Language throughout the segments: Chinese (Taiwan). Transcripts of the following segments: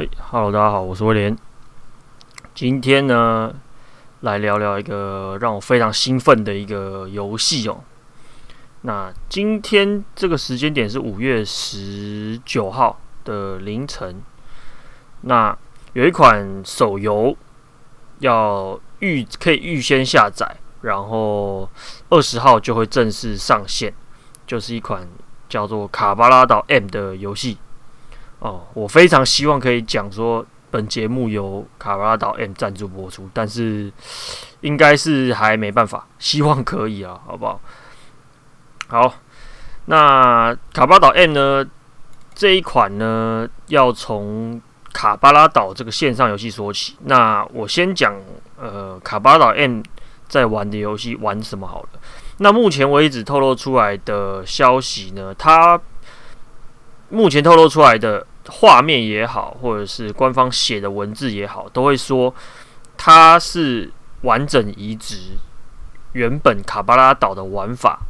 Hey, Hello，大家好，我是威廉。今天呢，來聊聊一個讓我非常興奮的一個遊戲哦。那今天這個時間點是五月十九號的凌晨。那有一款手遊要預可以預先下載，然後二十號就會正式上線，就是一款叫做《卡巴拉島 M》的遊戲。哦，我非常希望可以講說，本節目由卡巴拉島 M 贊助播出，但是應該是還沒辦法，希望可以啊，好不好？好，那卡巴拉島 M 呢這一款呢，要從卡巴拉島這個線上遊戲說起。那我先講，呃，卡巴拉島 M 在玩的遊戲玩什麼好了。那目前為止透露出來的消息呢，它目前透露出來的。畫面也好，或者是官方寫的文字也好，都會說它是完整移植原本卡巴拉島的玩法，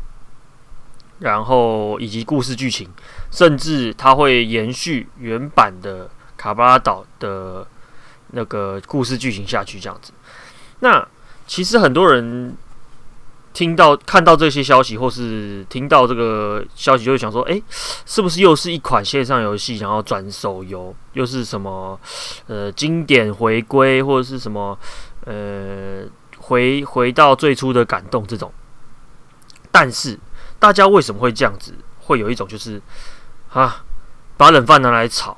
然後以及故事劇情，甚至它會延續原版的卡巴拉島的那個故事劇情下去，這樣子。那其實很多人。聽到看到這些消息，或是聽到這個消息，就會想說：誒，是不是又是一款線上遊戲，想要轉手遊，又是什麼？呃，經典回歸，或者是什麼？呃，回回到最初的感動這種。但是，大家為什麼會這樣子？會有一種就是，啊，把冷飯拿來炒，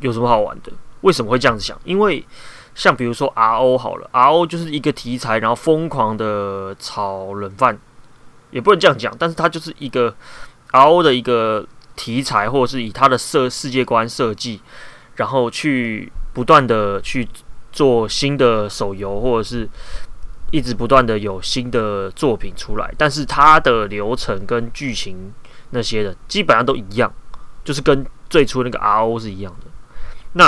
有什麼好玩的？為什麼會這樣子想？因為。像比如說 R O 好了，R O 就是一個題材，然後瘋狂的炒冷飯。也不能這樣講，但是它就是一個 R O 的一個題材，或者是以它的設世界觀設計，然後去不斷的去做新的手遊，或者是一直不斷的有新的作品出來，但是它的流程跟劇情那些的基本上都一樣，就是跟最初那個 R O 是一樣的。那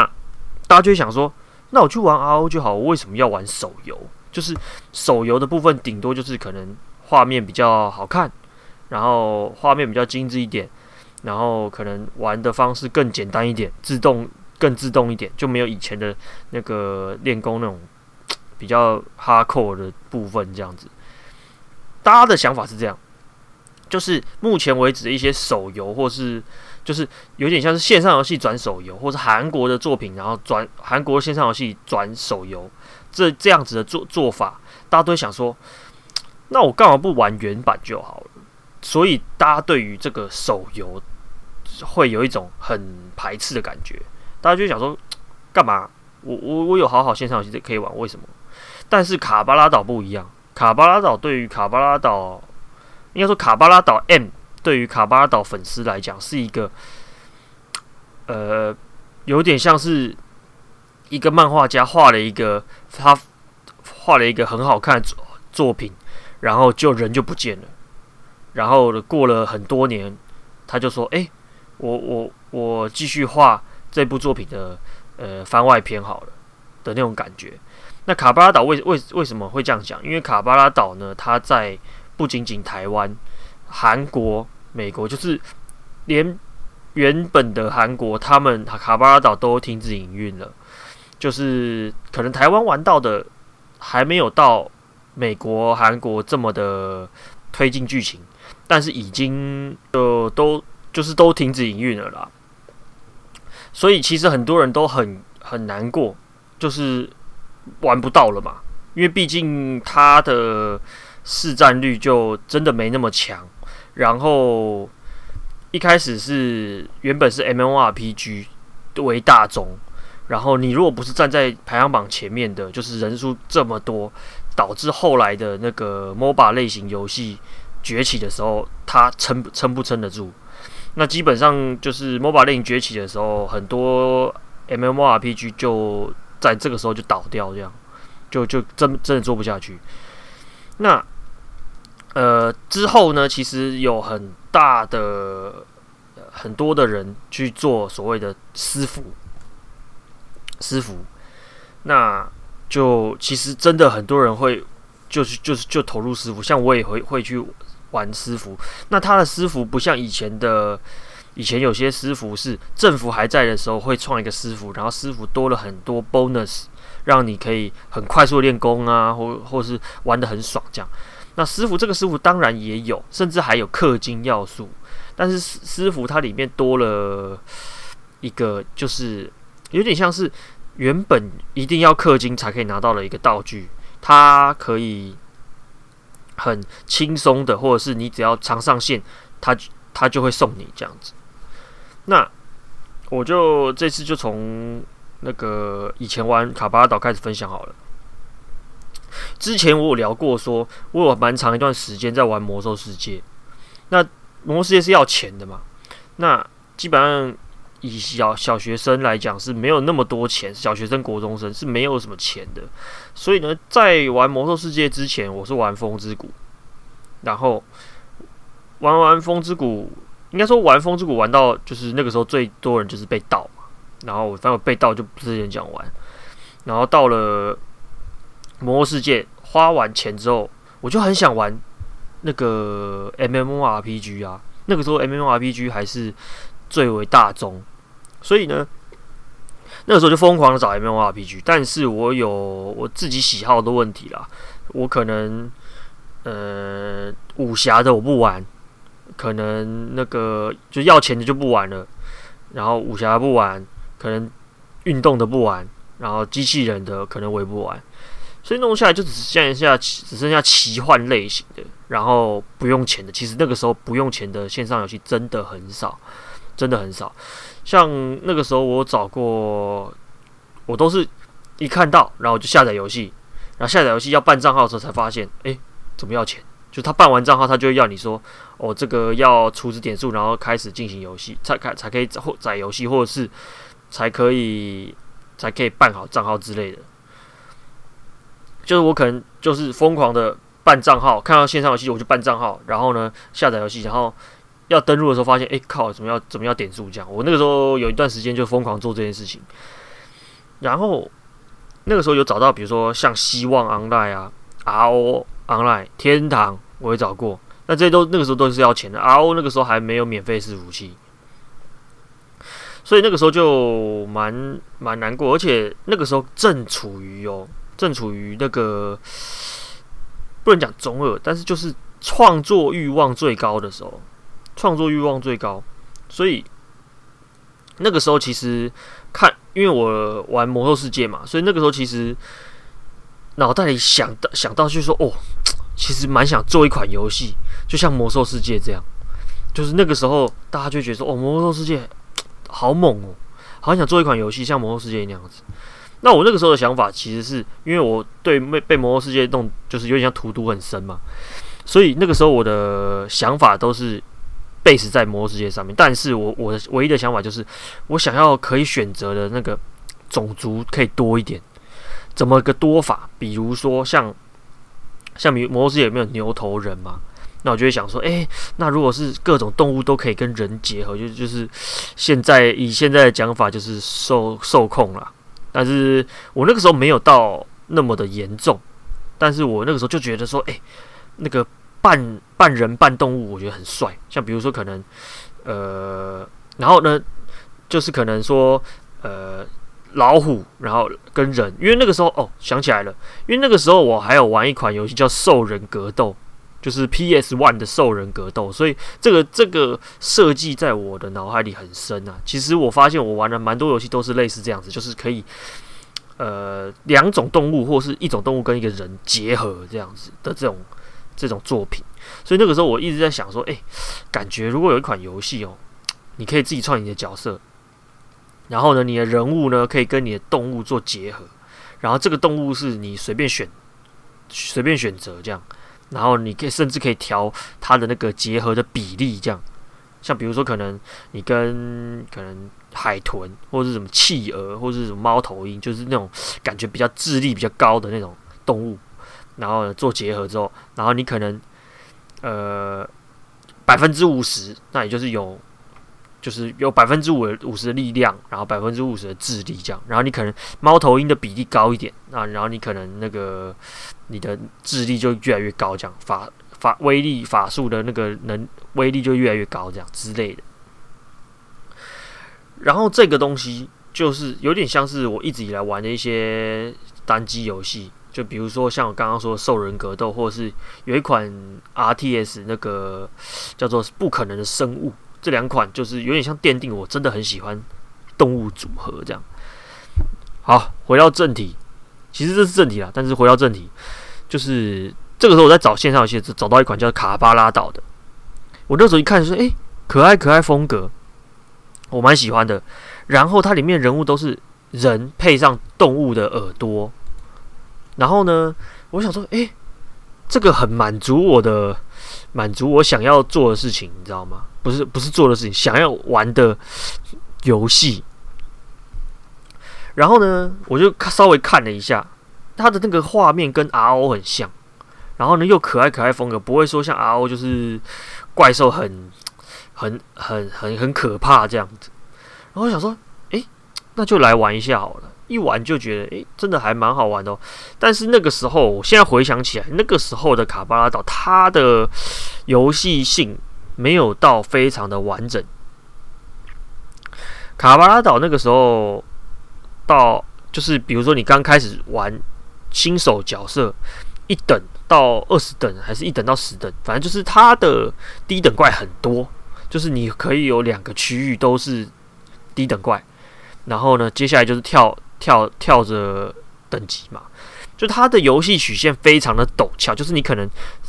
大家就會想說。那我去玩 RO 就好，我為什麼要玩手遊？就是手遊的部分，頂多就是可能畫面比較好看，然後畫面比較精緻一點，然後可能玩的方式更簡單一點，自動更自動一點，就沒有以前的那個練功那種比較 hardcore 的部分這樣子。大家的想法是這樣，就是目前為止的一些手遊或是。就是有點像是線上遊戲轉手遊，或是韓國的作品，然後轉韓國線上遊戲轉手遊，這這樣子的做做法，大家都會想說，那我幹嘛不玩原版就好了？所以大家對於這個手遊會有一種很排斥的感覺，大家就想說，幹嘛？我我我有好好線上遊戲可以玩，為什麼？但是卡巴拉島不一樣，卡巴拉島對於卡巴拉島，應該說卡巴拉島 M。對於卡巴拉島粉絲來講，是一個呃，有點像是一個漫畫家畫了一個他畫了一個很好看的作品，然後就人就不見了，然後過了很多年，他就說：“哎、欸，我我我繼續畫這部作品的呃番外篇好了。”的那種感覺。那卡巴拉島為為為什麼會這樣講？因為卡巴拉島呢，它在不僅僅台灣、韓國。美國就是連原本的韓國，他們卡巴拉島都停止營運了。就是可能台灣玩到的還沒有到美國、韓國這麼的推進劇情，但是已經就都就是都停止營運了啦。所以其實很多人都很很難過，就是玩不到了嘛，因為畢竟它的市占率就真的沒那麼強。然後一開始是原本是 MMORPG 為大宗，然後你如果不是站在排行榜前面的，就是人數這麼多，導致後來的那個 MOBA 類型遊戲崛起的時候，它撐撐不撐得住。那基本上就是 MOBA 類型崛起的時候，很多 MMORPG 就在這個時候就倒掉，這樣就就真真的做不下去。那呃，之後呢，其實有很大的很多的人去做所謂的私服。私服那就其實真的很多人會就是就是就投入私服。像我也會會去玩私服，那他的私服不像以前的，以前有些私服是政府還在的時候會創一個私服，然後私服多了很多 bonus，讓你可以很快速練功啊，或或是玩得很爽這樣。那師傅這個師傅當然也有，甚至還有氪金要素，但是師傅它裡面多了一個，就是有點像是原本一定要氪金才可以拿到的一個道具，它可以很輕鬆的，或者是你只要常上線，它他，他就會送你這樣子。那我就這次就從那個以前玩卡巴拉島開始分享好了。之前我有聊過說，說我有蠻長一段時間在玩魔獸世界。那魔獸世界是要錢的嘛？那基本上以小小學生來講是沒有那麼多錢，小學生、國中生是沒有什麼錢的。所以呢，在玩魔獸世界之前，我是玩風之谷。然後玩完風之谷，應該說玩風之谷玩到就是那個時候最多人就是被盜嘛。然後我反正我被盜就之前講完。然後到了。魔獸世界花完錢之後，我就很想玩那個 MMORPG 啊。那個時候 MMORPG 還是最為大眾，所以呢，那個時候就瘋狂的找 MMORPG。但是我有我自己喜好的問題啦，我可能呃武俠的我不玩，可能那個就要錢的就不玩了，然後武俠不玩，可能運動的不玩，然後機器人的可能我也不玩。所以弄下來就只剩下一下只剩下奇幻類型的，然後不用錢的。其實那個時候不用錢的線上遊戲真的很少，真的很少。像那個時候我找過，我都是一看到，然後就下載遊戲，然後下載遊戲要辦賬號的時候才發現，哎，怎麼要錢？就他辦完賬號，他就會要你說，哦，這個要初始點數，然後開始進行遊戲，才開才可以載載遊戲，或者是才可以才可以辦好賬號之類的。就是我可能就是瘋狂的辦賬號，看到線上遊戲我就辦賬號，然後呢，下載遊戲，然後要登錄的時候發現，哎、欸、靠，怎麼要怎麼要點數這樣。我那個時候有一段時間就瘋狂做這件事情，然後那個時候有找到，比如說像希望 online 啊、RO online、天堂，我也找過，那這些都那個時候都是要錢的，RO 那個時候還沒有免費伺服器，所以那個時候就蠻蠻難過，而且那個時候正處於哦。正處於那個不能講中二，但是就是創作欲望最高的時候，創作欲望最高，所以那個時候其實看，因為我玩魔獸世界嘛，所以那個時候其實腦袋裡想到想到就是說，哦，其實蠻想做一款遊戲，就像魔獸世界這樣，就是那個時候大家就覺得說，哦，魔獸世界好猛哦，好想做一款遊戲像魔獸世界那樣子。那我那個時候的想法，其實是因為我對被被魔獸世界弄，就是有點像荼毒很深嘛。所以那個時候我的想法都是 base 在魔獸世界上面，但是我我的唯一的想法就是，我想要可以選擇的那個種族可以多一點。怎麼個多法？比如說像像比如魔獸世界有沒有牛頭人嘛，那我就會想說，哎，那如果是各種動物都可以跟人結合，就就是現在以現在的講法，就是獸獸控了。但是我那個時候沒有到那麼的嚴重，但是我那個時候就覺得說，哎、欸，那個半半人半動物，我覺得很帥，像比如說可能，呃，然後呢，就是可能說，呃，老虎，然後跟人，因為那個時候哦想起來了，因為那個時候我還有玩一款遊戲叫獸人格鬥。就是 PS One 的獸人格鬥，所以這個這個設計在我的腦海裡很深啊。其實我發現我玩了蠻多遊戲，都是類似這樣子，就是可以，呃，兩種動物或是一種動物跟一個人結合這樣子的這種這種作品。所以那個時候我一直在想說，哎、欸，感覺如果有一款遊戲哦，你可以自己創你的角色，然後呢，你的人物呢可以跟你的動物做結合，然後這個動物是你隨便選、隨便選擇這樣。然後你可以甚至可以調它的那個結合的比例，這樣，像比如說可能你跟可能海豚，或者是什麼企鵝，或者是什麼貓頭鷹，就是那種感覺比較智力比較高的那種動物，然後呢做結合之後，然後你可能呃百分之五十，那也就是有。就是有百分之五五十的力量，然後百分之五十的智力這樣，然後你可能貓頭鷹的比例高一點啊，然後你可能那個你的智力就越來越高這樣，法法威力法術的那個能威力就越來越高這樣之類的。然後這個東西就是有點像是我一直以來玩的一些單機遊戲，就比如說像我剛剛說獸人格鬥，或者是有一款 RTS 那個叫做《不可能的生物》。這兩款就是有點像奠定我真的很喜歡動物組合這樣。好，回到正題，其實這是正題啦。但是回到正題，就是這個時候我在找線上遊戲，找到一款叫《卡巴拉島》的。我那時候一看，就說：“誒，可愛可愛風格，我蠻喜歡的。”然後它裡面人物都是人配上動物的耳朵。然後呢，我想說：“誒……這個很滿足我的，滿足我想要做的事情，你知道嗎？不是不是做的事情，想要玩的遊戲。然後呢，我就稍微看了一下，他的那個畫面跟 RO 很像，然後呢又可愛可愛風格，不會說像 RO 就是怪獸很很很很很可怕這樣子。然後我想說，誒、欸，那就來玩一下好了。一玩就覺得，誒、欸，真的還蠻好玩的哦。但是那個時候，我現在回想起來，那個時候的卡巴拉島，它的遊戲性沒有到非常的完整。卡巴拉島那個時候，到就是比如說你剛開始玩新手角色一等到二十等，還是一等到十等，反正就是它的低等怪很多，就是你可以有兩個區域都是低等怪，然後呢，接下來就是跳，跳跳着等級嘛，就它的遊戲曲線非常的陡峭，就是你可能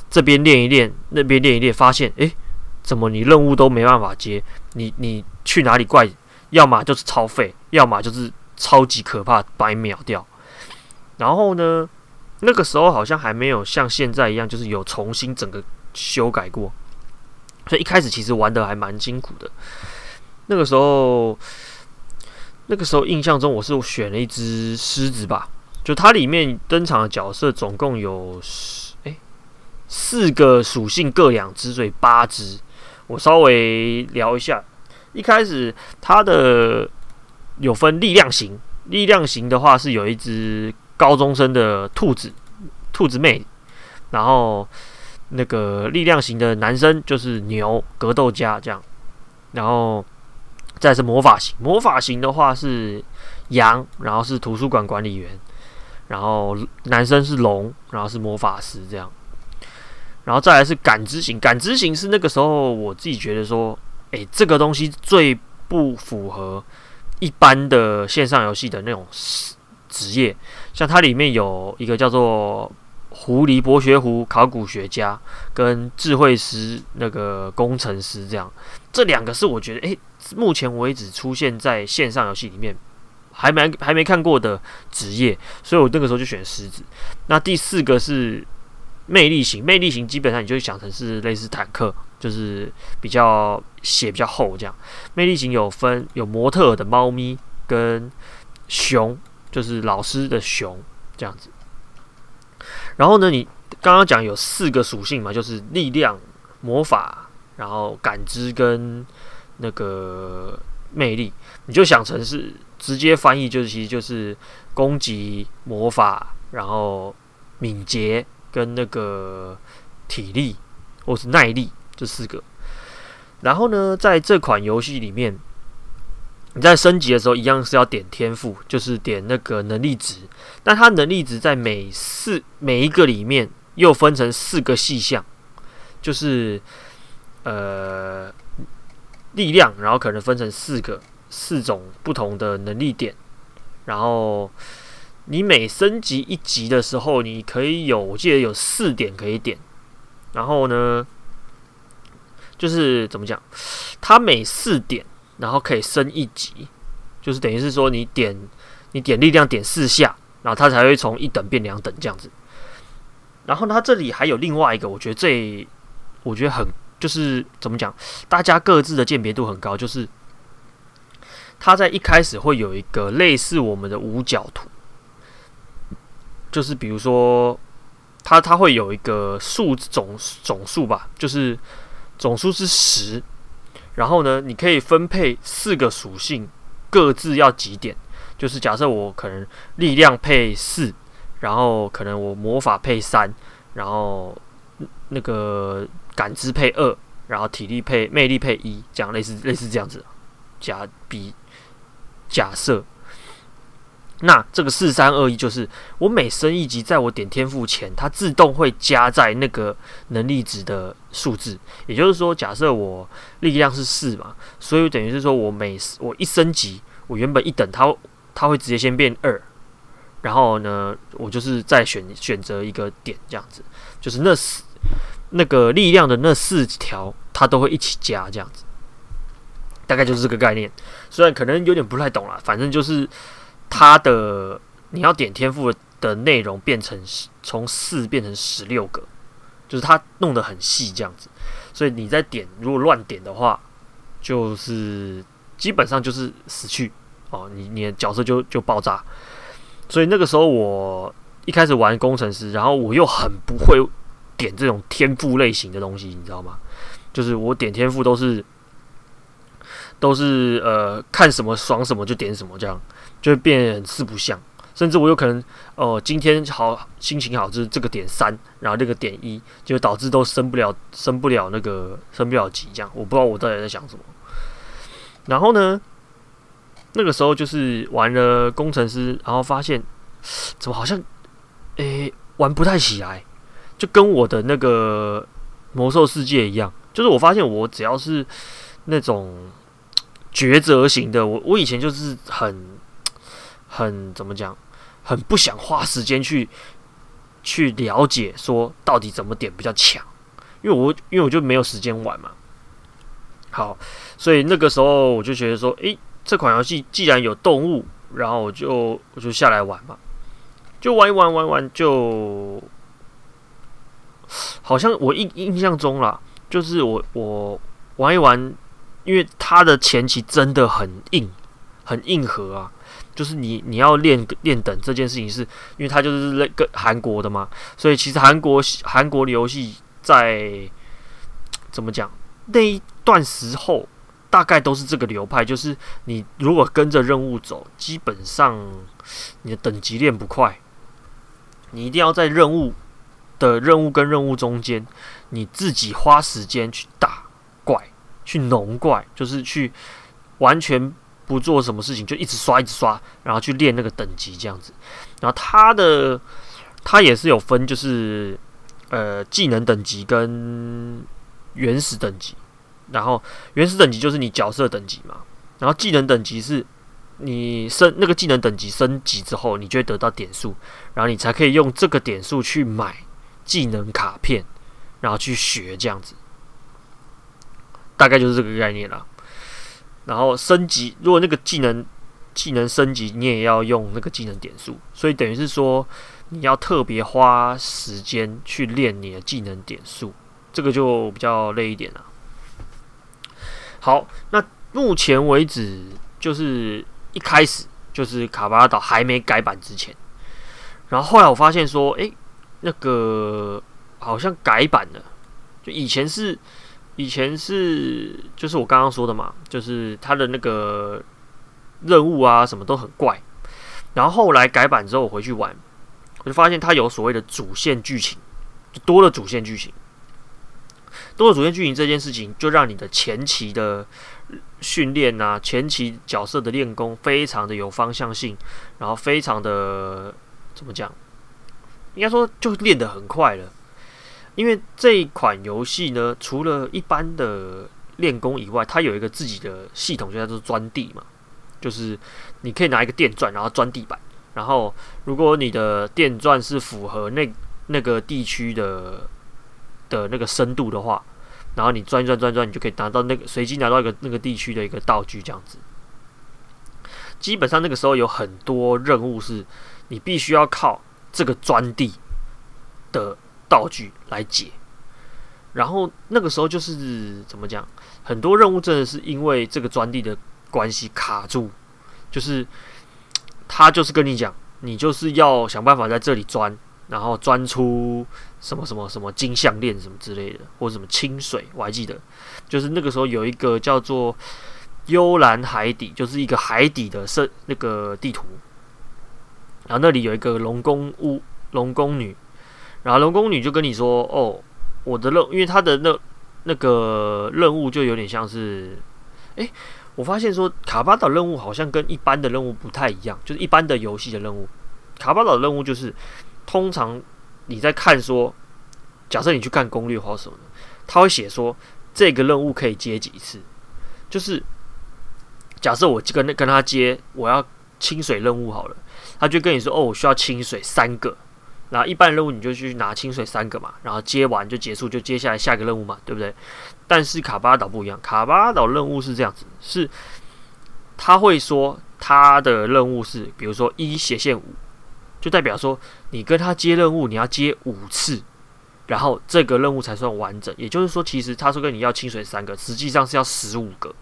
這邊練一練，那邊練一練，發現誒、欸、怎麼你任務都沒辦法接？你你去哪裡怪？要麼就是超費，要麼就是超級可怕把你秒掉。然後呢，那個時候好像還沒有像現在一樣，就是有重新整個修改過，所以一開始其實玩得還蠻辛苦的。那個時候。那個時候印象中我是選了一隻獅子吧，就它裡面登場的角色總共有哎，四個屬性各兩隻，所以八隻。我稍微聊一下，一開始它的有分力量型，力量型的話是有一隻高中生的兔子，兔子妹，然後那個力量型的男生就是牛格鬥家這樣，然後。再是魔法型，魔法型的話是羊，然後是圖書館管理員，然後男生是龍，然後是魔法師這樣。然後再來是感知型，感知型是那個時候我自己覺得說，誒、欸，這個東西最不符合一般的線上遊戲的那種職業，像它裡面有一個叫做狐狸博學狐、考古學家跟智慧師那個工程師這樣，這兩個是我覺得誒。欸目前為止出現在線上遊戲裡面還沒還沒看過的職業，所以我那個時候就選獅子。那第四個是魅力型，魅力型基本上你就會想成是類似坦克，就是比較血比較厚這樣。魅力型有分有模特的貓咪跟熊，就是老師的熊這樣子。然後呢，你剛剛講有四個屬性嘛，就是力量、魔法，然後感知跟。那個魅力，你就想成是直接翻譯，就是其實就是攻擊魔法，然後敏捷跟那個體力或是耐力這四個。然後呢，在這款遊戲裡面，你在升級的時候一樣是要點天賦，就是點那個能力值。但它能力值在每四每一個裡面又分成四個細項，就是呃。力量，然後可能分成四個、四種不同的能力點。然後你每升級一級的時候，你可以有，我記得有四點可以點。然後呢，就是怎麼講，它每四點，然後可以升一級，就是等於是說你點你點力量點四下，然後它才會從一等變兩等這樣子。然後它這裡還有另外一個，我覺得這我覺得很。就是怎麼講，大家各自的鑑別度很高。就是它在一開始會有一個類似我們的五角圖，就是比如說它它會有一個數總總數吧，就是總數是十，然後呢，你可以分配四個屬性，各自要幾點。就是假設我可能力量配四，然後可能我魔法配三，然後那個。感知配二，然後體力配魅力配一，這樣類似類似這樣子。假比假設，那這個四三二一就是我每升一級，在我點天賦前，它自動會加在那個能力值的數字。也就是說，假設我力量是四嘛，所以等於是說我每我一升級，我原本一等它，它它會直接先變二，然後呢，我就是再選選擇一個點這樣子，就是那那個力量的那四條，它都會一起加這樣子，大概就是這個概念。雖然可能有點不太懂啦，反正就是它的你要點天賦的內容變成從四變成十六個，就是它弄得很細這樣子。所以你在點如果亂點的話，就是基本上就是死去哦，你你的角色就就爆炸。所以那個時候我一開始玩工程師，然後我又很不會。點這種天賦類型的東西，你知道嗎？就是我點天賦都是都是呃看什麼爽什麼就點什麼，這樣就會變四不像。甚至我有可能哦、呃，今天好心情好，就是這個點三，然後那個點一，就導致都升不了，升不了那個升不了級，這樣我不知道我到底在想什麼。然後呢，那個時候就是玩了工程師，然後發現怎麼好像哎、欸，玩不太起來。就跟我的那個《魔獸世界》一樣，就是我發現我只要是那種抉擇型的，我我以前就是很很怎麼講，很不想花時間去去了解說到底怎麼點比較強，因為我因為我就沒有時間玩嘛。好，所以那個時候我就覺得說，誒、欸，這款遊戲既然有動物，然後我就我就下來玩嘛，就玩一玩玩一玩就。好像我印印象中啦，就是我我玩一玩，因為他的前期真的很硬，很硬核啊。就是你你要練練等這件事情是，是因為他就是那個韓國的嘛，所以其實韓國韓國的遊戲在怎麼講那一段時候，大概都是這個流派。就是你如果跟着任務走，基本上你的等級練不快，你一定要在任務的任務跟任務中間，你自己花時間去打怪、去農怪，就是去完全不做什麼事情，就一直刷、一直刷，然後去練那個等級這樣子。然後它的它也是有分，就是呃技能等級跟原始等級。然後原始等級就是你角色等級嘛。然後技能等級是你升那個技能等級升級之後，你就會得到點數，然後你才可以用這個點數去買。技能卡片，然後去學這樣子，大概就是這個概念啦。然後升級，如果那個技能技能升級，你也要用那個技能點數，所以等於是說，你要特別花時間去練你的技能點數，這個就比較累一點啦。好，那目前為止就是一開始就是卡巴拉島還沒改版之前，然後後來我發現說，誒、欸。那個好像改版了，就以前是以前是就是我剛剛說的嘛，就是他的那個任務啊什麼都很怪，然後後來改版之後我回去玩，我就發現他有所謂的主線劇情，就多了主線劇情，多了主線劇情這件事情就讓你的前期的訓練啊，前期角色的練功非常的有方向性，然後非常的怎麼講？應該說就練得很快了，因為這一款遊戲呢，除了一般的練功以外，它有一個自己的系統，就叫做鑽地嘛。就是你可以拿一個電鑽，然後鑽地板。然後如果你的電鑽是符合那那個地區的的那個深度的話，然後你鑽鑽、鑽鑽，你就可以拿到那個隨機拿到一個那個地區的一個道具，這樣子。基本上那個時候有很多任務是你必須要靠。這個鑽地的道具來解，然後那個時候就是怎麼講，很多任務真的是因為這個鑽地的關係卡住，就是他就是跟你講，你就是要想辦法在這裡鑽，然後鑽出什麼什麼什麼金項鏈什麼之類的，或者什麼清水，我還記得，就是那個時候有一個叫做幽藍海底，就是一個海底的設，那個地圖。然後那裡有一個龍宮屋，龍宮女，然後龍宮女就跟你說：“哦，我的任，因為他的那那個任務就有點像是，哎，我發現說卡巴島任務好像跟一般的任務不太一樣，就是一般的遊戲的任務，卡巴島的任務就是通常你在看說，假設你去看攻略或什麼，他會寫說這個任務可以接幾次，就是假設我跟跟他接，我要清水任務好了。”他就跟你說：“哦，我需要清水三個，然後一般任務你就去拿清水三個嘛，然後接完就結束，就接下來下個任務嘛，對不對？”但是卡巴拉島不一樣，卡巴拉島任務是這樣子：是他會說他的任務是，比如說一斜線五，5，就代表說你跟他接任務，你要接五次，然後這個任務才算完整。也就是說，其實他說跟你要清水三個，實際上是要十五個，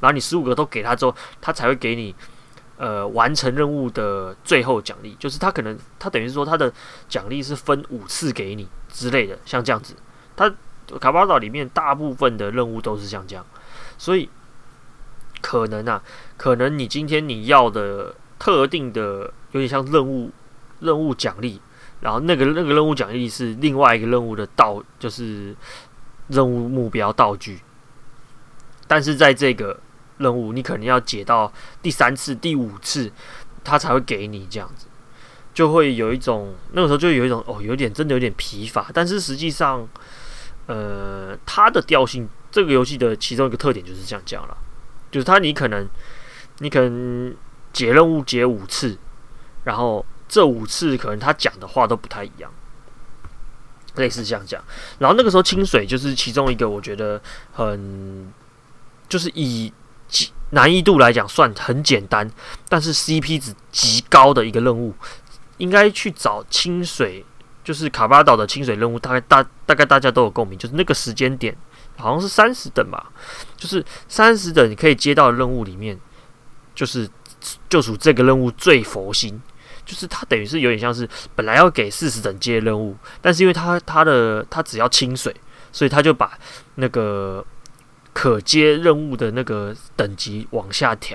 然後你十五個都給他之後，他才會給你。呃，完成任務的最後獎勵，就是他可能他等於是說他的獎勵是分五次給你之類的，像這樣子。他卡巴島裡面大部分的任務都是像這樣，所以可能啊，可能你今天你要的特定的有點像任務任務獎勵，然後那個那個任務獎勵是另外一個任務的道，就是任務目標道具，但是在這個。任務你可能要解到第三次、第五次，他才會給你這樣子，就會有一種那個時候就有一種哦，有點真的有點疲乏。但是實際上，呃，它的調性，這個遊戲的其中一個特點就是像這樣講了，就是它你可能你可能解任務解五次，然後這五次可能他講的話都不太一樣，類似這樣講。然後那個時候清水就是其中一個我覺得很，就是以難易度來講算很簡單，但是 CP 值極高的一個任務，應該去找清水，就是卡巴島的清水任務。大概大大概大家都有共鳴，就是那個時間點，好像是三十等吧，就是三十等你可以接到的任務裡面，就是就屬這個任務最佛心，就是它等於是有點像是本來要給四十等接任務，但是因為它它的它只要清水，所以他就把那個。可接任務的那個等級往下調，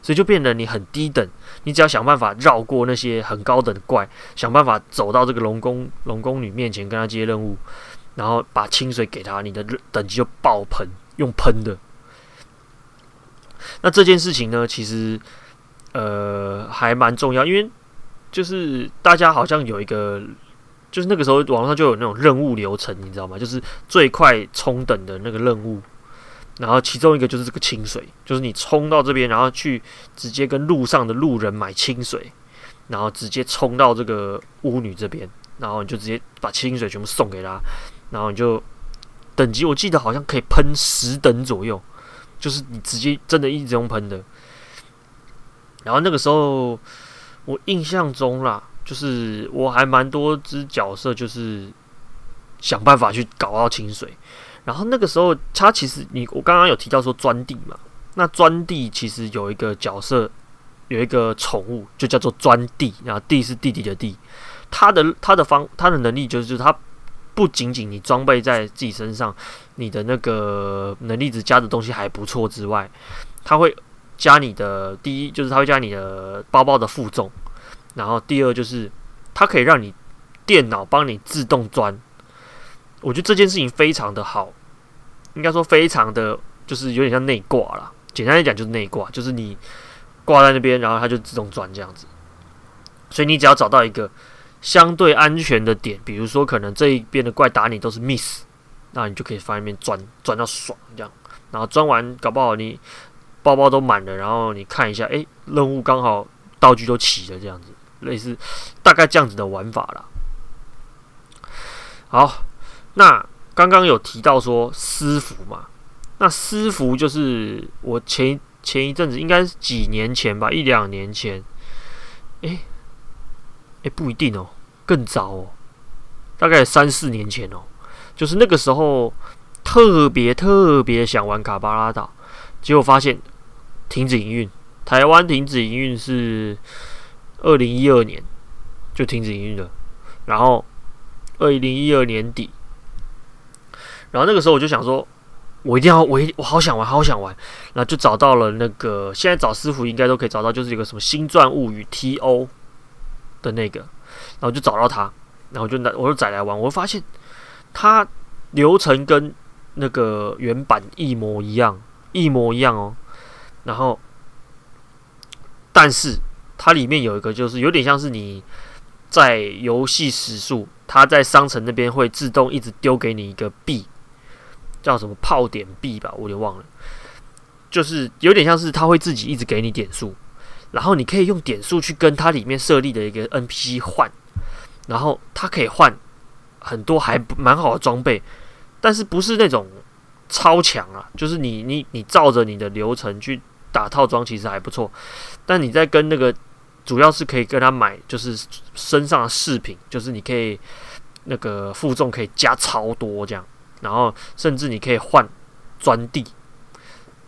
所以就變得你很低等，你只要想辦法繞過那些很高等怪，想辦法走到這個龍宮龍宮女面前，跟她接任務，然後把清水給她，你的等級就爆棚，用噴的。那這件事情呢，其實呃還蠻重要，因為就是大家好像有一個，就是那個時候網上就有那種任務流程，你知道嗎？就是最快衝等的那個任務。然後其中一個就是這個清水，就是你衝到這邊，然後去直接跟路上的路人買清水，然後直接衝到這個巫女這邊，然後你就直接把清水全部送給她，然後你就等級，我記得好像可以噴十等左右，就是你直接真的一直用噴的。然後那個時候，我印象中啦，就是我還蠻多隻角色，就是想辦法去搞到清水。然後那個時候，他其實你我剛剛有提到說鑽地嘛,那鑽地其實有一個角色，有一個寵物就叫做鑽地，然後地是弟弟的地，他的他的方他的能力、就是、就是他不僅僅你裝備在自己身上，你的那個能力值加的東西還不錯之外，他會加你的第一，就是他會加你的包包的負重，然後第二，就是它可以讓你電腦幫你自動鑽，我覺得這件事情非常的好。應該說非常的，就是有點像內掛啦。簡單一點講，就是內掛，就是你掛在那邊，然後它就自動轉這樣子。所以你只要找到一個相對安全的點，比如說可能這一邊的怪打你都是 miss，那你就可以放在那邊鑽，鑽到爽這樣。然後鑽完，搞不好你包包都滿了，然後你看一下，哎、欸，任務剛好道具都齊了這樣子，類似大概這樣子的玩法了。好，那。剛剛有提到說私服嘛，那私服就是我前前一陣子，應該是幾年前吧，一兩年前，誒、欸、哎、欸、不一定哦，更早哦，大概三四年前哦，就是那個時候特別特別想玩卡巴拉島，結果發現停止營運。台灣停止營運是二零一二年就停止營運了，然後二零一二年底。然後那個時候我就想說，我一定要，我我好想玩，好想玩。然後就找到了那個，現在找師傅應該都可以找到，就是一個什麼《星鑽物語 T.O.》的那個。然後就找到他，然後就拿，我就載來玩。我發現它流程跟那個原版一模一樣，一模一樣哦。然後，但是它裡面有一個，就是有點像是你在遊戲時速，它在商城那邊會自動一直丟給你一個幣。叫什麼“炮點幣”吧，我就忘了，就是有點像是它會自己一直給你點數，然後你可以用點數去跟它裡面設立的一個 NPC 換，然後它可以換很多還蠻好的裝備，但是不是那種超強啊，就是你你你照着你的流程去打套裝其實還不錯，但你在跟那個主要是可以跟他買，就是身上的飾品，就是你可以那個負重可以加超多這樣。然後，甚至你可以換專地，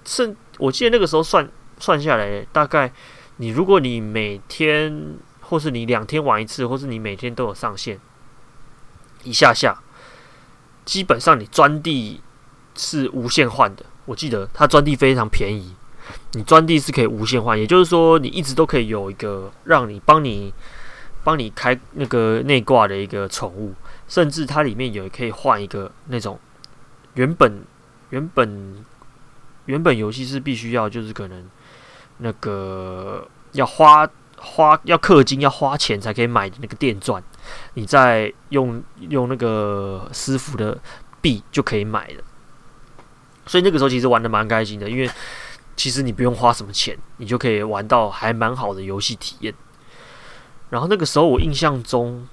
甚，我記得那個時候算算下來，大概你如果你每天，或是你兩天玩一次，或是你每天都有上線，一下下，基本上你專地是無限換的。我記得它專地非常便宜，你專地是可以無限換，也就是說你一直都可以有一個讓你幫你幫你開那個內掛的一個寵物。甚至它裡面有可以換一個那種原本原本原本遊戲是必須要就是可能那個要花花要氪金要花錢才可以買的那個電鑽，你再用用那個私服的幣就可以買了。所以那個時候其實玩得蠻開心的，因為其實你不用花什麼錢，你就可以玩到還蠻好的遊戲體驗。然後那個時候我印象中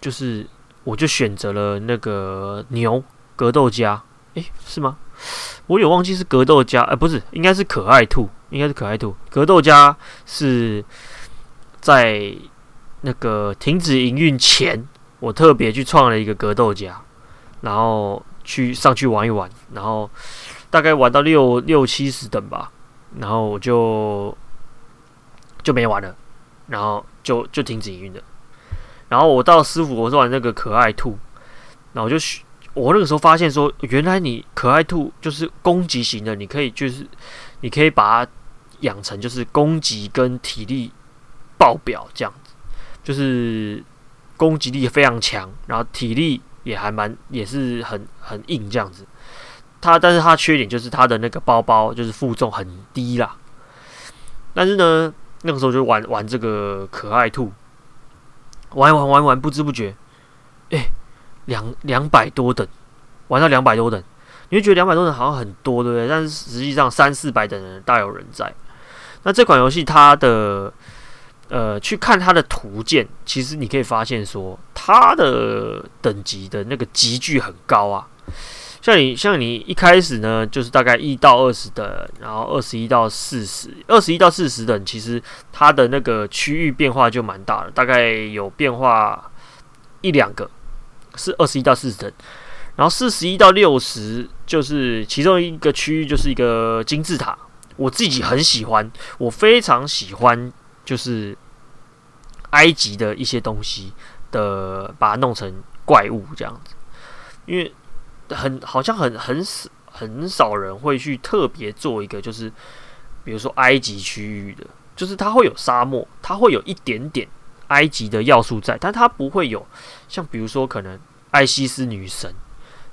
就是。我就選擇了那個牛格鬥家，誒、欸，是嗎？我有忘記是格鬥家，哎、欸，不是，應該是可愛兔，應該是可愛兔。格鬥家是在那個停止營運前，我特別去創了一個格鬥家，然後去上去玩一玩，然後大概玩到六六七十等吧，然後我就就沒玩了，然後就就停止營運了。然後我到師傅，我是玩那個可愛兔，然後就我那個時候發現說，原來你可愛兔就是攻擊型的，你可以就是你可以把它養成就是攻擊跟體力爆表這樣子，就是攻擊力非常強，然後體力也還蠻也是很很硬這樣子。它但是它缺點就是它的那個包包就是負重很低啦，但是呢那個時候就玩玩這個可愛兔。玩玩玩玩，不知不覺，哎、欸，兩兩百多等，玩到兩百多等，你會覺得兩百多等好像很多，對不對？但是實際上三四百等人大有人在。那這款遊戲它的，呃，去看它的圖鑑，其實你可以發現說，它的等級的那個級距很高啊。像你像你一開始呢，就是大概一到二十等，然後二十一到四十，二十一到四十等，其實它的那個區域變化就蠻大的，大概有變化一兩個，是二十一到四十等，然後四十一到六十，就是其中一個區域就是一個金字塔，我自己很喜歡，我非常喜歡，就是埃及的一些東西的，把它弄成怪物這樣子，因為。很好像很很少很少人會去特別做一個，就是比如說埃及區域的，就是它會有沙漠，它會有一點點埃及的要素在，但它不會有像比如說可能艾西斯女神，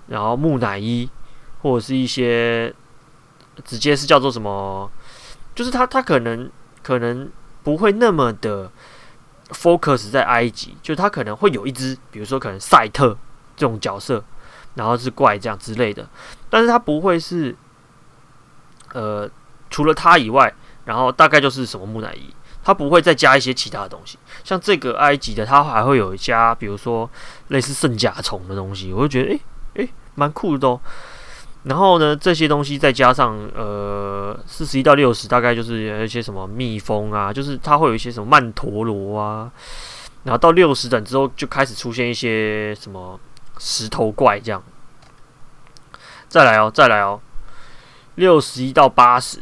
然後木乃伊，或者是一些直接是叫做什麼，就是它它可能可能不會那麼的 focus 在埃及，就是它可能會有一隻，比如說可能賽特這種角色。然後是怪這樣之類的，但是它不會是，呃，除了它以外，然後大概就是什麼木乃伊，它不會再加一些其他的東西。像這個埃及的，它還會有一加，比如說類似聖甲蟲的東西，我就覺得誒誒、欸欸，蠻酷的哦。然後呢，這些東西再加上呃四十一到六十，大概就是一些什麼蜜蜂啊，就是它會有一些什麼曼陀羅啊。然後到六十等之後，就開始出現一些什麼。石頭怪這樣，再來哦，再來哦，六十一到八十，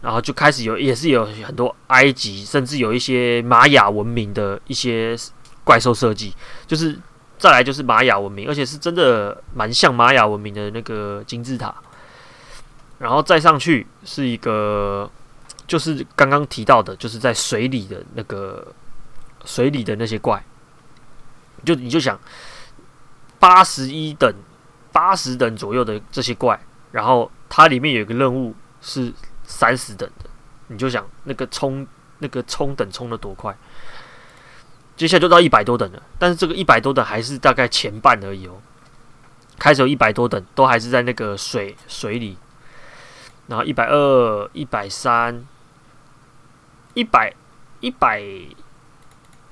然後就開始有，也是有很多埃及，甚至有一些瑪雅文明的一些怪獸設計，就是再來就是瑪雅文明，而且是真的蠻像瑪雅文明的那個金字塔，然後再上去是一個，就是剛剛提到的，就是在水裡的那個水裡的那些怪，就你就想。八十一等、八十等左右的這些怪，然後它裡面有個任務是三十等的，你就想那個衝那個衝等衝得多快？接下來就到一百多等了，但是這個一百多等還是大概前半而已哦。開始有一百多等，都還是在那個水水裡，然後一百二、一百三、一百一百，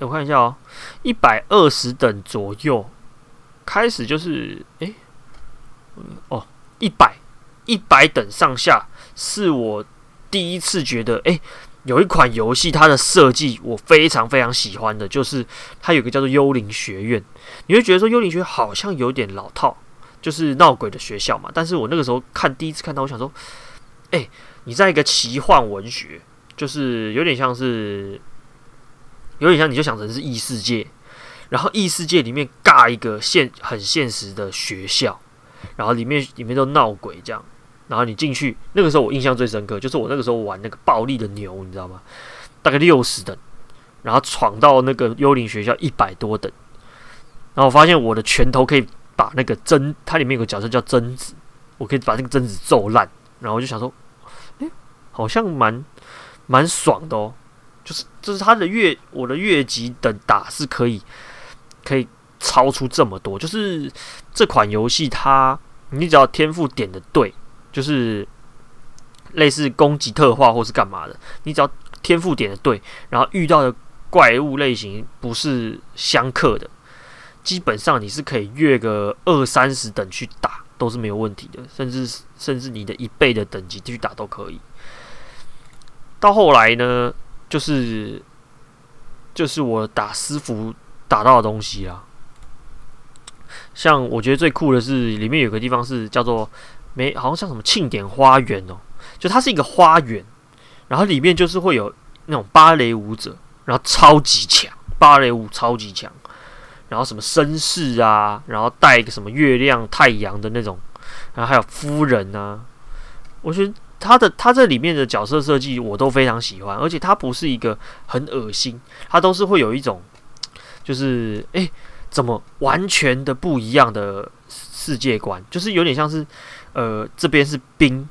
我看一下哦，一百二十等左右。開始就是哎、欸嗯，哦，一百一百等上下是我第一次覺得哎、欸，有一款遊戲它的設計我非常非常喜歡的，就是它有個叫做《幽靈學院》，你會覺得說《幽靈學院》好像有點老套，就是鬧鬼的學校嘛。但是我那個時候看第一次看到，我想說，哎、欸，你在一個奇幻文學，就是有點像是有點像你就想成是異世界。然後異世界裡面尬一個現很現實的學校，然後裡面裡面都鬧鬼這樣，然後你進去那個時候我印象最深刻就是我那個時候玩那個暴力的牛你知道嗎？大概六十等，然後闖到那個幽靈學校一百多等，然後我發現我的拳頭可以把那個貞，它裡面有個角色叫貞子，我可以把那個貞子揍爛，然後我就想說，誒、欸，好像蠻蠻爽的哦，就是這、就是他的越我的越級等打是可以。可以超出這麼多，就是這款遊戲它，你只要天賦點的對，就是類似攻擊特化或是幹嘛的，你只要天賦點的對，然後遇到的怪物類型不是相剋的，基本上你是可以越個二三十等去打都是沒有問題的，甚至甚至你的一倍的等級去打都可以。到後來呢，就是就是我打私服。打到的東西啦、啊，像我覺得最酷的是裡面有個地方是叫做美好像像什麼慶典花園哦、喔，就它是一個花園，然後裡面就是會有那種芭蕾舞者，然後超級強，芭蕾舞超級強，然後什麼紳士啊，然後帶一個什麼月亮、太陽的那種，然後還有夫人啊，我覺得它的它這裡面的角色設計我都非常喜歡，而且它不是一個很惡心，它都是會有一種。就是哎、欸，怎麼完全的不一樣的世界觀？就是有點像是，呃，這邊是冰，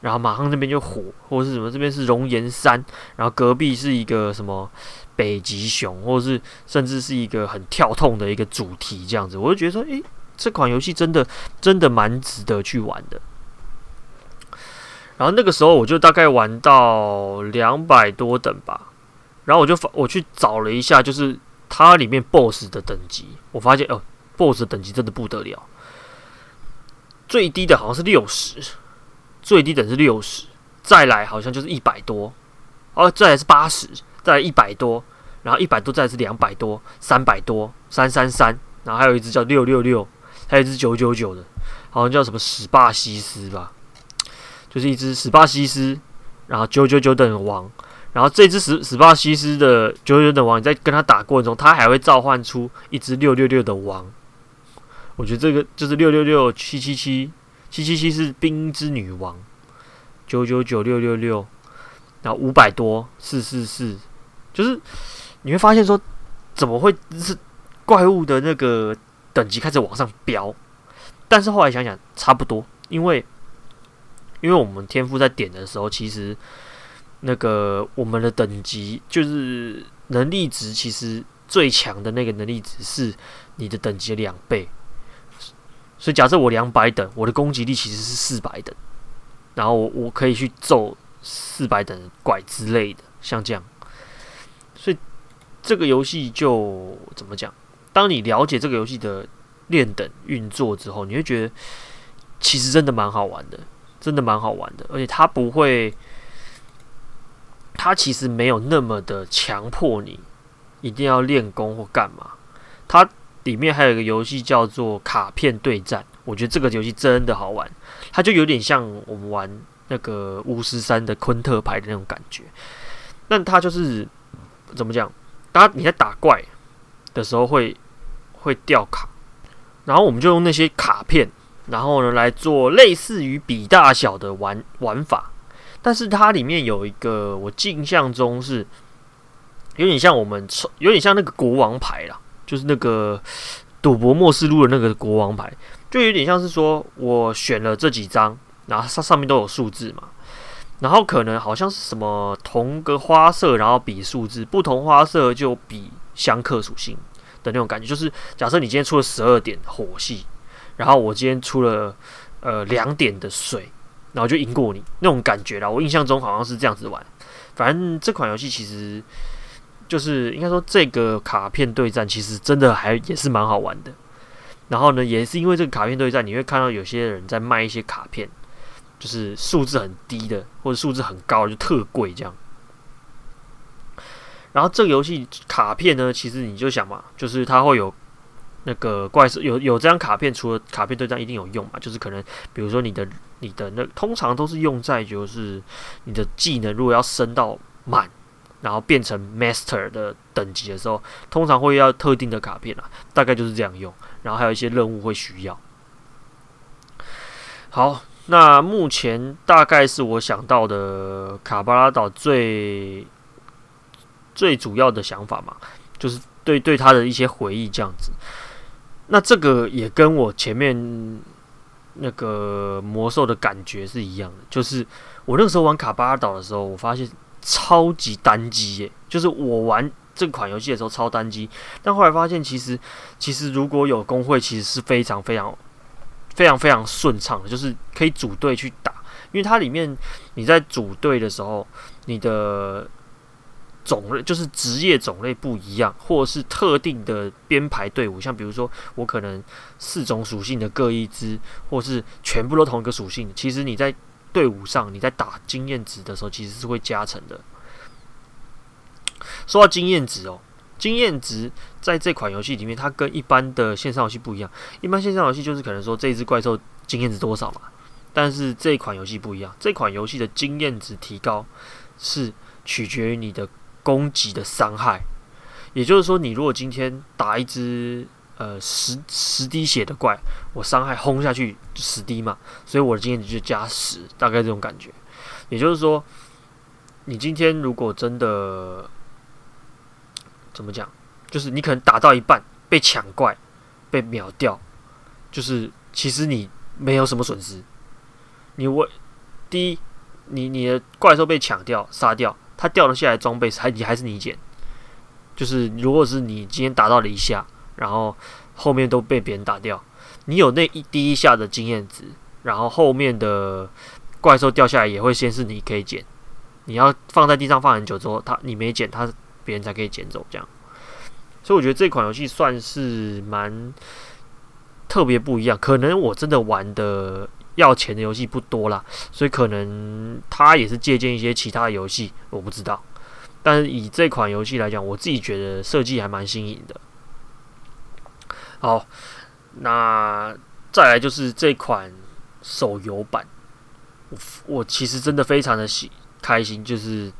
然後馬上那邊就火，或者是什麼，這邊是熔岩山，然後隔壁是一個什麼北極熊，或者是甚至是一個很跳痛的一個主題這樣子。我就覺得說，哎、欸，這款遊戲真的真的蠻值得去玩的。然後那個時候我就大概玩到兩百多等吧，然後我就我去找了一下，就是。它裡面 BOSS 的等級，我發現哦，呃，BOSS 的等級真的不得了，最低的好像是六十，最低等是六十，再來好像就是一百多，哦，再來是八十，再來一百多，然後一百多再來是兩百多、三百多、三三三，然後還有一只叫六六六，還有一只九九九的，好像叫什麼史巴西斯吧，就是一只史巴西斯，然後九九九等王。然後這隻十十暴西斯的九九九的王，你在跟他打過程中，他還會召喚出一隻六六六的王。我覺得這個就是六六六七七七七七七是冰之女王九九九六六六，6, 然後五百多四四四，就是你會發現說怎麼會是怪物的那個等級開始往上飆，但是後來想想差不多，因為因為我們天賦在點的時候，其實。那個我們的等級就是能力值，其實最強的那個能力值是你的等級的兩倍。所以假設我兩百等，我的攻擊力其實是四百等，然後我，我可以去揍四百等怪之類的，像這樣。所以這個遊戲就怎麼講？當你了解這個遊戲的練等運作之後，你會覺得其實真的蠻好玩的，真的蠻好玩的，而且它不會。它其實沒有那麼的強迫你一定要練功或幹嘛。它裡面還有一個遊戲叫做卡片對戰，我覺得這個遊戲真的好玩。它就有點像我們玩那個巫師三的昆特牌的那種感覺。那它就是怎麼講？當你在打怪的時候會會掉卡，然後我們就用那些卡片，然後呢，來做類似於比大小的玩玩法。但是它裡面有一個，我印象中是有點像我們抽，有點像那個國王牌啦，就是那個賭博默示錄的那個國王牌，就有點像是說我選了這幾張，然後它上面都有數字嘛，然後可能好像是什麼同個花色，然後比數字，不同花色就比相克屬性的那種感覺，就是假設你今天出了十二點火系，然後我今天出了呃兩點的水。然後就贏過你那種感覺啦，我印象中好像是這樣子玩。反正這款遊戲其實就是應該說這個卡片對戰，其實真的還也是蠻好玩的。然後呢，也是因為這個卡片對戰，你會看到有些人在賣一些卡片，就是數字很低的或者數字很高就特貴這樣。然後這個遊戲卡片呢，其實你就想嘛，就是它會有。那個怪獸有有這張卡片，除了卡片對戰一定有用嘛？就是可能比如說你的你的那通常都是用在就是你的技能，如果要升到滿，然後變成 master 的等級的時候，通常會要特定的卡片啊，大概就是這樣用。然後還有一些任務會需要。好，那目前大概是我想到的卡巴拉島最最主要的想法嘛，就是對對他的一些回憶這樣子。那這個也跟我前面那個魔獸的感覺是一樣的，就是我那個時候玩卡巴拉島的時候，我發現超級單機耶、欸，就是我玩這款遊戲的時候超單機。但後來發現，其實其實如果有工會，其實是非常非常非常非常順暢的，就是可以組隊去打，因為它裡面你在組隊的時候，你的。種類就是職業種類不一樣，或是特定的編排隊伍，像比如說我可能四種屬性的各一支，或是全部都同一個屬性。其實你在隊伍上，你在打經驗值的時候，其實是會加成的。說到經驗值哦，經驗值在這款遊戲裡面，它跟一般的線上遊戲不一樣。一般線上遊戲就是可能說這隻怪獸經驗值多少嘛，但是這款遊戲不一樣，這款遊戲的經驗值提高是取決於你的。攻擊的傷害，也就是說，你如果今天打一隻呃十十滴血的怪，我傷害轟下去就十滴嘛，所以我的經驗值就加十，大概這種感覺。也就是說，你今天如果真的怎麼講，就是你可能打到一半被搶怪，被秒掉，就是其實你沒有什麼損失。你我，第一，你你的怪獸被搶掉、殺掉。它掉了下來，裝備還你還是你撿。就是如果是你今天打到了一下，然後後面都被別人打掉，你有那一第一下的經驗值，然後後面的怪獸掉下來也會先是你可以撿。你要放在地上放很久之後，它你沒撿，它別人才可以撿走。這樣，所以我覺得這款遊戲算是蠻特別不一樣。可能我真的玩的。要錢的遊戲不多啦，所以可能他也是借鑑一些其他遊戲，我不知道。但是以這款遊戲來講，我自己覺得設計還蠻新穎的。好，那再來就是這款手遊版，我我其實真的非常的喜開心，就是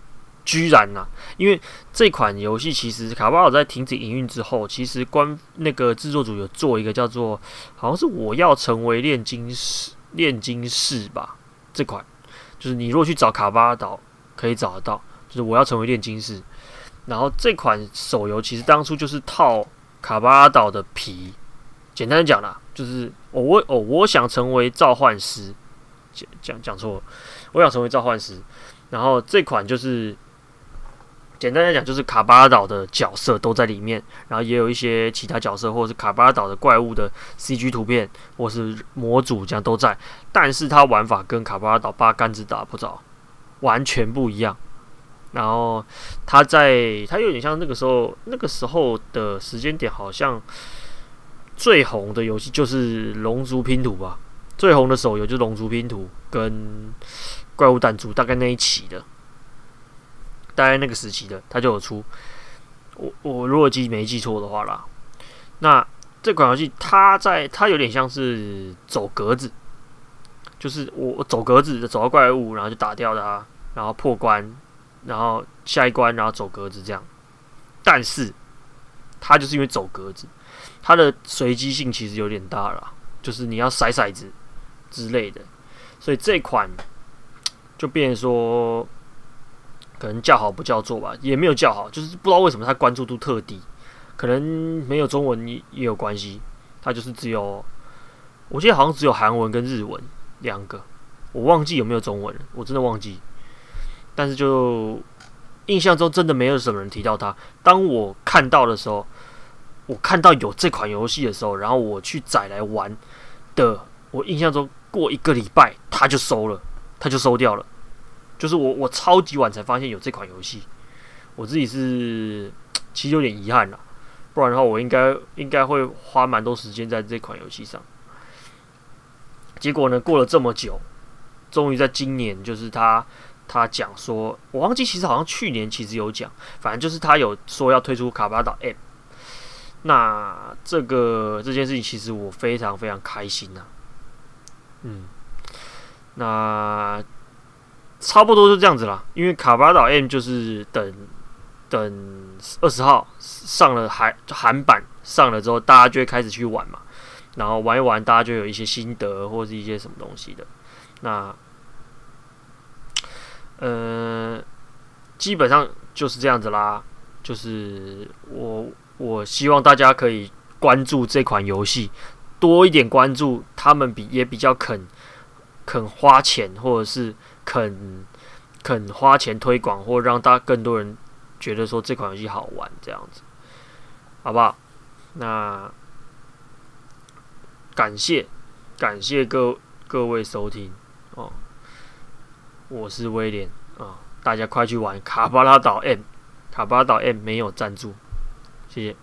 居然啦、啊。因為這款遊戲其實卡巴拉在停止營運之後，其實官那個製作組有做一個叫做，好像是我要成為煉金師。煉金士吧，這款就是你如果去找卡巴拉島，可以找得到，就是我要成為煉金士，然後這款手遊其實當初就是套卡巴拉島的皮，簡單講啦，就是、哦、我我我我想成為召喚師，講講講錯，我想成為召喚師。然後這款就是。簡單來講，就是卡巴拉島的角色都在裡面，然後也有一些其他角色，或者是卡巴拉島的怪物的 CG 圖片，或是模組這樣都在。但是它玩法跟卡巴拉島八竿子打不着，完全不一樣。然後它在，它有點像那個時候，那個時候的時間點，好像最紅的遊戲就是《龍族拼圖》吧？最紅的手遊就是《龍族拼圖》跟《怪物彈珠》，大概那一期的。在那個時期的，它就有出。我我如果記沒記錯的話啦，那這款遊戲它在，它有點像是走格子，就是我我走格子走到怪物，然後就打掉它，然後破關，然後下一關，然後走格子這樣。但是它就是因為走格子，它的隨機性其實有點大啦，就是你要甩骰子之類的，所以這款就變成說。可能叫好不叫座吧，也沒有叫好，就是不知道為什麼他關注度特低，可能沒有中文也，也有關係，他就是只有，我記得好像只有韓文跟日文兩個，我忘記有沒有中文了，我真的忘記，但是就印象中真的沒有什麼人提到他。當我看到的時候，我看到有這款遊戲的時候，然後我去載來玩的，我印象中過一個禮拜他就收了，他就收掉了。就是我，我超級晚才發現有這款遊戲，我自己是其實有點遺憾啦，不然的話我應該應該會花蠻多時間在這款遊戲上。結果呢，過了這麼久，終於在今年，就是他他講說，我忘記其實好像去年其實有講，反正就是他有說要推出卡巴島 App。那這個這件事情，其實我非常非常開心吶、啊。嗯，那。差不多就這樣子啦，因為《卡巴拉島 M》就是等等二十號上了韓韓版上了之後，大家就會開始去玩嘛，然後玩一玩，大家就有一些心得或是一些什麼東西的。那呃，基本上就是這樣子啦，就是我我希望大家可以關注這款遊戲，多一點關注，他們比也比較肯肯花錢或者是。肯肯花錢推廣，或讓大家更多人覺得說，這款遊戲好玩，這樣子，好不好？那感謝感謝各各位收聽哦，我是威廉啊，大家快去玩卡巴拉島 M，卡巴拉島 M 沒有贊助，謝謝。